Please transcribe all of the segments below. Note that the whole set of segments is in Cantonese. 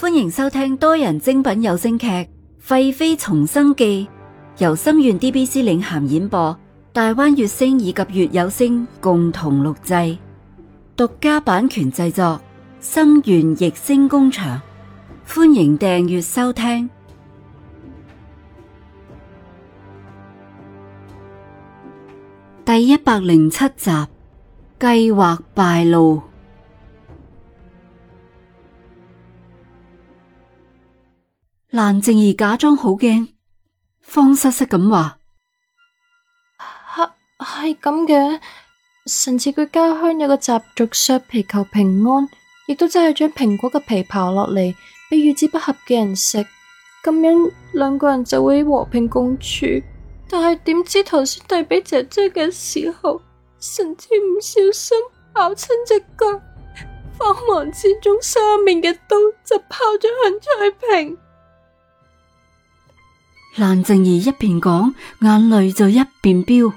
歡迎收聽多人精品有聲劇《廢妃重生記》，由心願 DBC 領銜演播，大灣月星以及月有聲共同錄製，獨家版權製作，心願逸聲工場。歡迎訂閱收聽第一百零七集，計劃敗露。蘭靜兒假裝好驚，慌失失咁話：係係咁嘅。神子佢家鄉有個習俗削皮求平安，亦都真係將蘋果嘅皮刨落嚟，俾與之不合嘅人食，咁樣兩個人就會和平共處。但係點知頭先遞俾姐姐嘅時候，甚至唔小心咬親隻腳，慌忙之中，上面嘅刀就拋咗向翠屏。」蘭靜兒一邊講，眼淚就一邊飆。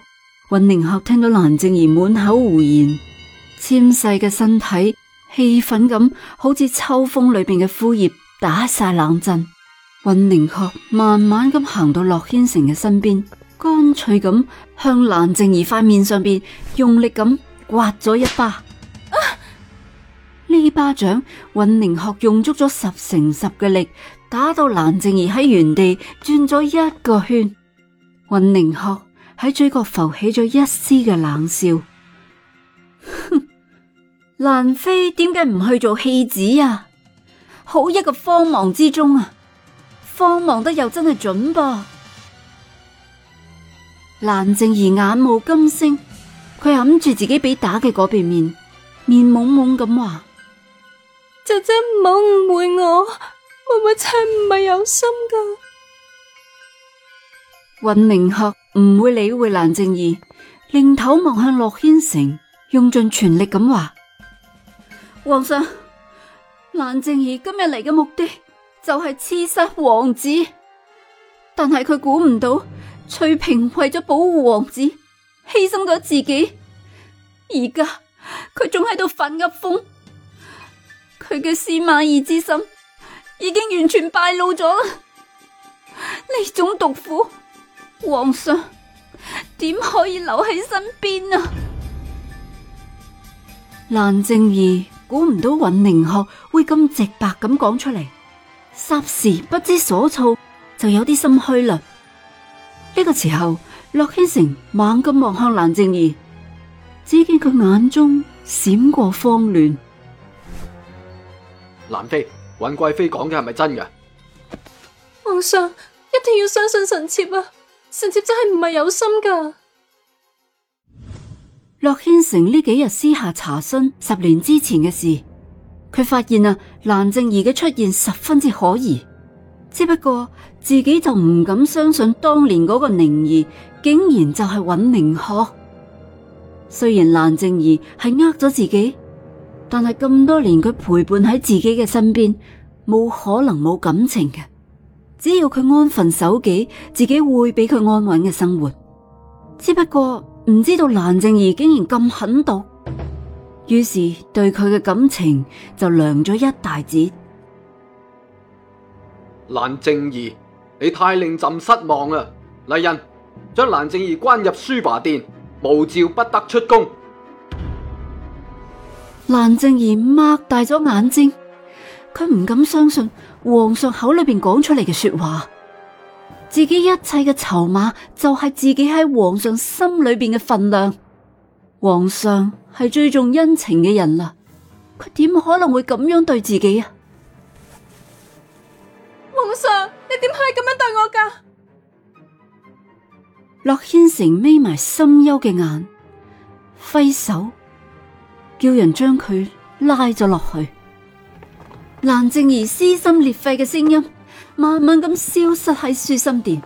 尹寧鶴聽到蘭靜兒滿口胡言，纖細嘅身體氣憤咁，好似秋風裏邊嘅枯葉打晒冷震。尹寧鶴慢慢咁行到駱軒成嘅身邊，乾脆咁向蘭靜兒塊面上邊用力咁刮咗一巴。啊。呢巴掌尹寧鶴用足咗十成十嘅力。打到蘭靜兒喺原地轉咗一個圈，雲寧鶴喺嘴角浮起咗一絲嘅冷笑。哼，蘭妃點解唔去做戲子啊？好一個慌忙之中啊，慌忙得又真係準噃。蘭靜兒眼冒金星，佢揞住自己俾打嘅嗰邊面，面懵懵咁話：姐姐唔好誤會我。我咪稱唔係有心噶。尹明鶴唔會理會蘭靜兒，擰頭望向洛軒成，用盡全力咁話：皇上，蘭靜兒今日嚟嘅目的就係刺殺王子，但係佢估唔到翠萍為咗保護王子，犧牲咗自己。而家佢仲喺度反骨風，佢嘅司馬懿之心。已經完全敗露咗啦！呢種毒婦，皇上點可以留喺身邊啊？蘭靜兒估唔到尹寧鶴會咁直白咁講出嚟，霎時不知所措，就有啲心虛啦。呢個時候，駱千成猛咁望向蘭靜兒，只見佢眼中閃過慌亂，蘭妃。尹貴妃講嘅係咪真嘅？皇上一定要相信臣妾啊！臣妾真係唔係有心噶駱軒成呢幾日私下查詢十年之前嘅事，佢發現啊，蘭靜兒嘅出現十分之可疑。只不過自己就唔敢相信當年嗰個寧兒竟然就係尹明可。雖然蘭靜兒係呃咗自己。但係咁多年佢陪伴喺自己嘅身邊，冇可能冇感情嘅。只要佢安分守己，自己會俾佢安穩嘅生活。只不過唔知道蘭靜怡竟然咁狠毒，於是對佢嘅感情就涼咗一大截。蘭靜怡，你太令朕失望啦！麗人，將蘭靜怡關入書華殿，無照不得出宮。蘭靜兒擘大咗眼睛，佢唔敢相信皇上口裏邊講出嚟嘅說話。自己一切嘅籌碼就係自己喺皇上心裏邊嘅分量。皇上係最重恩情嘅人啦，佢點可能會咁樣對自己啊？皇上，你點可以咁樣對我噶？洛軒成眯埋深幽嘅眼，揮手。叫人將佢拉咗落去，蘭靜兒撕心裂肺嘅聲音慢慢咁消失喺舒心殿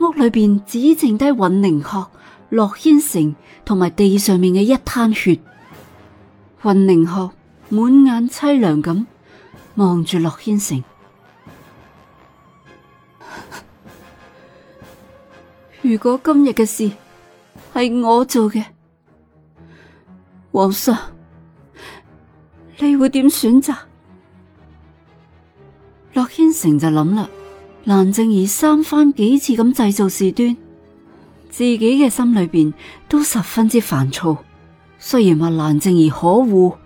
屋裏邊，只剩低尹寧鶴、洛軒城同埋地上面嘅一灘血。尹寧鶴滿眼淒涼咁望住洛軒城。 如果今日嘅事係我做嘅。皇上，Sir，你會點選擇？洛軒成就諗啦，蘭靜兒三番幾次咁製造事端，自己嘅心裏邊都十分之煩躁。雖然話蘭靜兒可惡，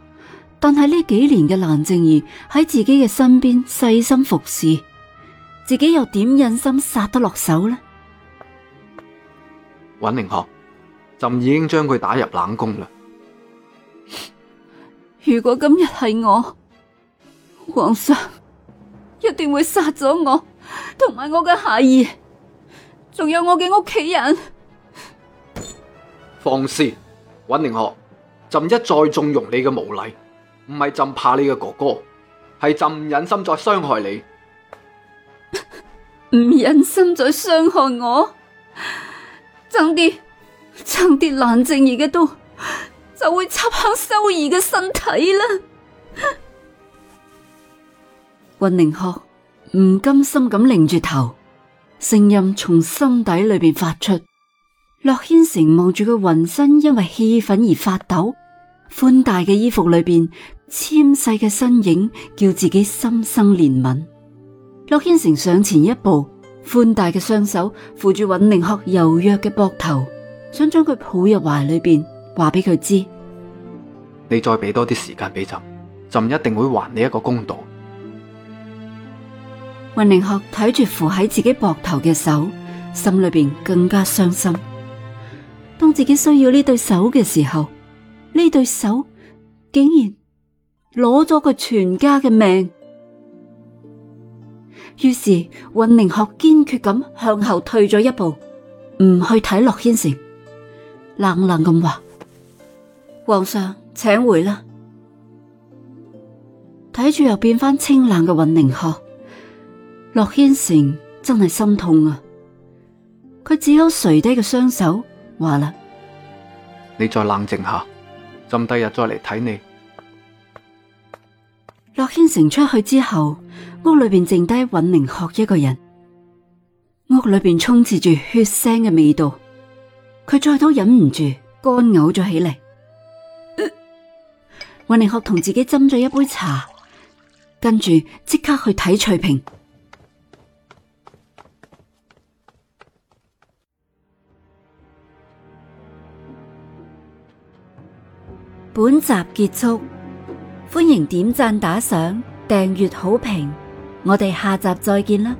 但係呢幾年嘅蘭靜兒喺自己嘅身邊細心服侍，自己又點忍心殺得落手呢？尹寧學，朕已經將佢打入冷宮啦。如果今日係我，皇上一定會殺咗我，同埋我嘅孩兒，仲有我嘅屋企人。放肆，尹寧學，朕一再縱容你嘅無禮，唔係朕怕你嘅哥哥，係朕唔忍心再傷害你，唔 忍心再傷害我，爭啲，爭啲冷靜而嘅刀。就會插向修兒嘅身體啦！尹 寧鶴唔甘心咁擰住頭，聲音從心底裏邊發出。洛軒成望住佢渾身因為氣憤而發抖，寬大嘅衣服裏邊纖細嘅身影，叫自己心生憐憫。洛軒成上前一步，寬大嘅雙手扶住尹寧鶴柔弱嘅膊頭，想將佢抱入懷裏邊。話俾佢知，你再俾多啲時間俾朕，朕一定會還你一個公道。雲凌鶴睇住扶喺自己膊頭嘅手，心裏邊更加傷心。當自己需要呢對手嘅時候，呢對手竟然攞咗佢全家嘅命。於是雲凌鶴堅決咁向後退咗一步，唔去睇駱軒城，冷冷咁話。皇上，請回啦。睇住又變翻清冷嘅尹寧鶴，駱軒成真係心痛啊！佢只好垂低嘅雙手，話啦：你再冷靜下，朕第日再嚟睇你。駱軒成出去之後，屋裏邊剩低尹寧鶴一個人，屋裏邊充斥住血腥嘅味道，佢再都忍唔住乾嘔咗起嚟。我寧學同自己斟咗一杯茶，跟住即刻去睇翠屏。本集結束，歡迎點讚、打賞、訂閱、好評，我哋下集再見啦！